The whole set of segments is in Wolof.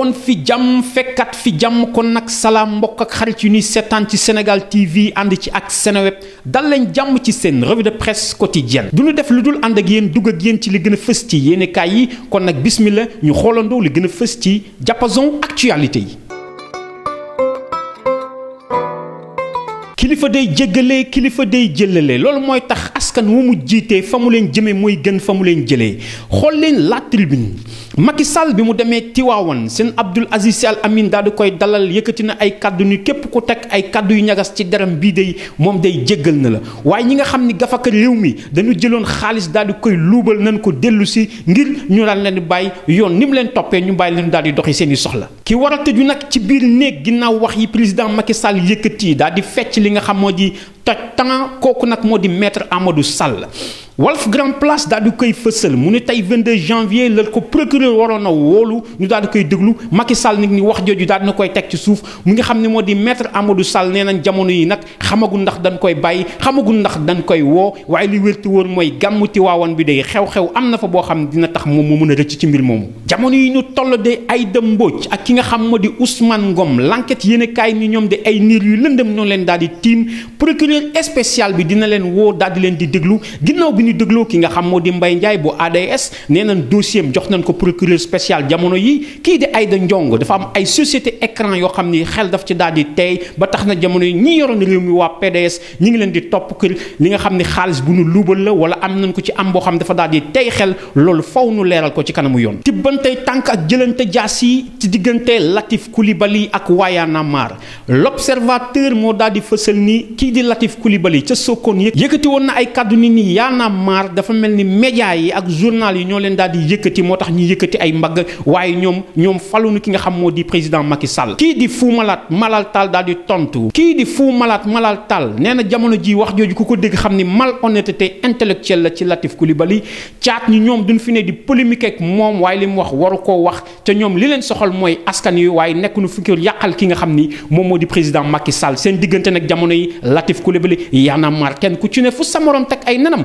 kon fi jàmm fekkat fi jàmm kon nag salaam mbokk ak xarit yu ni seetaan ci Sénégal TV ànd ci ak Seneweb dal leen jàmm ci seen revue de presse quotidienne du ñu def lu dul ànd ak yéen dugg ak yéen ci li gën a fës ci yéenekaay yi kon nag bismillah ñu xoolandoo li gën a fës ci japason actualité yi kilifa day jéggalee kilifa day jëllalee lool moy tax askan wu mu jité famu mu leen jëme mooy gën famu leen la tribune Macky Sall bi mu démé Tiwawon sen Abdoul Aziz Sall Amin daal di koy dalal yëkëti na ay kaddu ñu képp ku tek ay kaddu yu ñagas ci deram bi day mom day jéggal na la way ñi nga xamni gafa ka réew mi dañu jëloon xaaliss daal di koy luubal nañ ko déllu ci ngir ñu daal leen bay yoon nim leen ñu bay leen dal di doxi seen soxla ki war a nak ci biir neeg ginnaaw wax yi président Macky Sall yëkëti di fecc li nga xam moo di toj temps kooku nag moo di maître Amadou Sall Wolf Grand Place daal Fessel, koy fësal mu 22 janvier le ko procureur waroon a ñu daal di koy déglu Macky Sall nag ni wax joju koy ci souf mu ngi xamni ne maître Amadou Sall nenañ jamono yi nak xamagu ndax dañ koy bayyi xamagu ndax dañ koy wo way li wërtu woon mooy gàmmu Tiwaawan bi day xew-xew am fa bo xam dina tax mom meuna ci mbir mom jamono yi ñu toll de Aïda Mbodj ak ki nga xam Ousmane Ngom l'enquête yene kay ni de ay niir yu ñoo di procureur spécial bi dina leen wo daal di leen di deglu ñu dégloo ki nga xam moo di Mbaye Ndiaye bu ADS nee nañ jox nañ ko procureur spécial jamono yi kii di Aïda Ndiongo dafa am ay société écran yoo xam ni xel daf ci daal di tey ba tax na jamono yi ñi yoroon réew mi waa PDS ñi ngi leen di topp kër li nga xam ni xaalis bu nu luubal la wala am nañ ko ci am boo xam dafa daal di tey xel loolu faw nu leeral ko ci kanamu yoon tibbantey tànk ak jëlante jaas yi ci diggante Latif Coulibaly ak Wayana Mar l'observateur moo daal di fësal ni kii di Latif Coulibaly ca Sokone yëkkati woon na ay maar dafa mel ni média yi ak journal yi ñoo leen daal di yëkkati moo tax ñu yëkkati ay mbagg waaye ñoom ñoom faluñu ki nga xam moo di président Macky Sall kii di Fou Malade Malal Tall daal di tontu kii di Fou Malade Malal Tall nee na jamono ji wax jooju ku ko dégg xam ni malhonnêteté intellectuelle la ci Latif Coulibaly caat ñi ñoom duñ fi ne di moom waaye li mu wax waru koo wax te ñoom li leen soxal mooy askan yi waaye nekk nu fi ko yàqal ki nga xam ni moom moo di président Macky Sall seen diggante nag jamono yi Latif Coulibaly yaana maar kenn ku ci ne fu sa teg ay nenam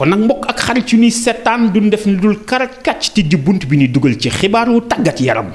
kon nag mbokk ak xarit yu ñuy seetaan duñ def ni dul karaj kàcc tijji bunt bi ñuy dugal ci xibaaru tàggat yaram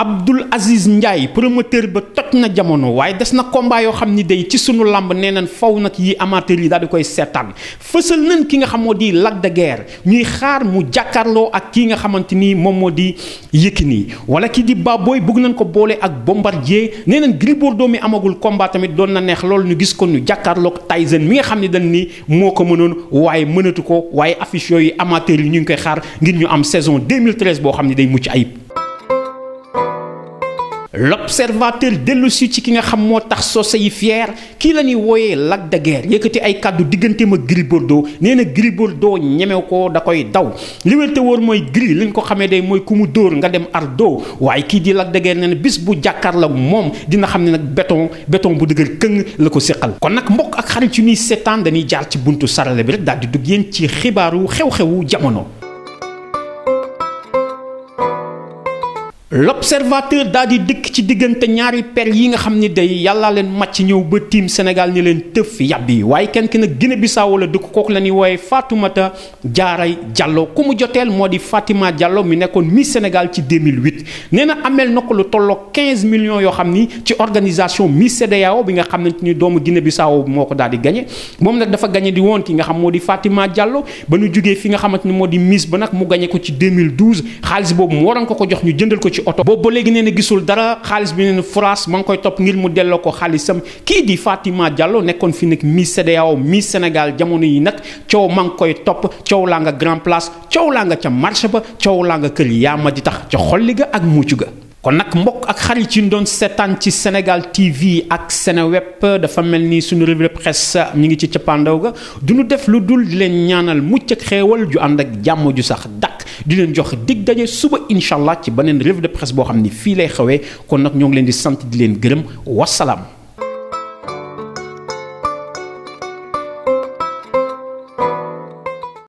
Abdoul Aziz Ndiaye promoteur ba toj na jamono waaye des na combat yoo xam ni day ci suñu làmb nee nañ faw nag yi amateur yi daal di koy seetaan fësal nañ ki nga xam moo di Lac de ñuy xaar mu jàkkaarloo ak kii nga xamante ni moom moo di Yékini wala ki di Baboy bëgg nañ ko boole ak Bombardier nee nañ Gris Bordeaux mi amagul combat tamit doon na neex loolu ñu gis ko ñu jàkkaarloog Tyson mi nga xam ne dañ ni moo ko mënoon waaye mënatu ko waaye affiche yooyu amateur yi ñu ngi koy xaar ngir ñu am saison 2013 boo xam ne day mucc ayib. l'observateur dellu si ci ki nga xam moo tax sose yi fier kii la ñuy wooyee Lac de Guiers yëkkati ay kàddu diggante ma Gris Bordeaux nee na Gris Bordeaux ñeme ko da koy daw li wér te wóor mooy Gris liñ ko xamee day mooy ku mu dóor nga dem ardo waaye kii di Lac de Guiers nee na bis bu jàkkaarloog moom dina xam ne nag beton beton bu dëgër këng la ko séqal kon nag mbokk ak xarit yu ñuy seetaan dañuy jaar ci buntu sarale bi rek daal di dugg yéen ci xibaaru xew-xewu jamono l'observateur daal di dëkk ci diggante ñaari per yi nga xam ni day yàllaa leen màcc ñëw ba tiim Sénégal ni leen tëf yàbbi waaye kenn ki nag Guinée Bissau la dëkk kooku la ñuy wooye Fatoumata Diaray Diallo ku mu joteel moo di Fatima Diallo mi nekkoon Miss Sénégal ci 2008 nee na ameel na ko lu tolloo 15 millions yoo xam ni ci organisation Miss CEDEAO bi nga xam ne ni doomu Guinée Bissau moo ko daal di gagné moom nag dafa gagné di woon ki nga xam moo di Fatima Diallo ba ñu jugee fi nga xamante ni moo di Miss ba nag mu gagné ko ci 2012 xaalis boobu mu waroon ko ko jox ñu jëndal ko ci ci oto boobu léegi nee na gisul dara xaalis bi nee na France ma ngi koy topp ngir mu delloo ko xaalisam kii di Fatima Diallo nekkoon fi nag Miss CEDEAO Miss Sénégal jamono yi nag coow ma ngi koy topp coow laa nga Grand Place coow laa nga ca marché ba coow laa nga kër yaa ma di tax ca xolli ga ak muucu ga kon nag mbokk ak xarit yi ñu doon seetaan ci Sénégal TV ak Seneweb dafa mel ni suñu revue de presse ñu ngi ci cappaandaw ga du ñu def lu dul di leen ñaanal mucc ak ju ànd ak jàmm ju sax di leen jox dig daje suba incha allah ci beneen revue de presse boo xam ni fii lay xawee kon nag ñoo ngi leen di sant di leen gërëm wasalaam.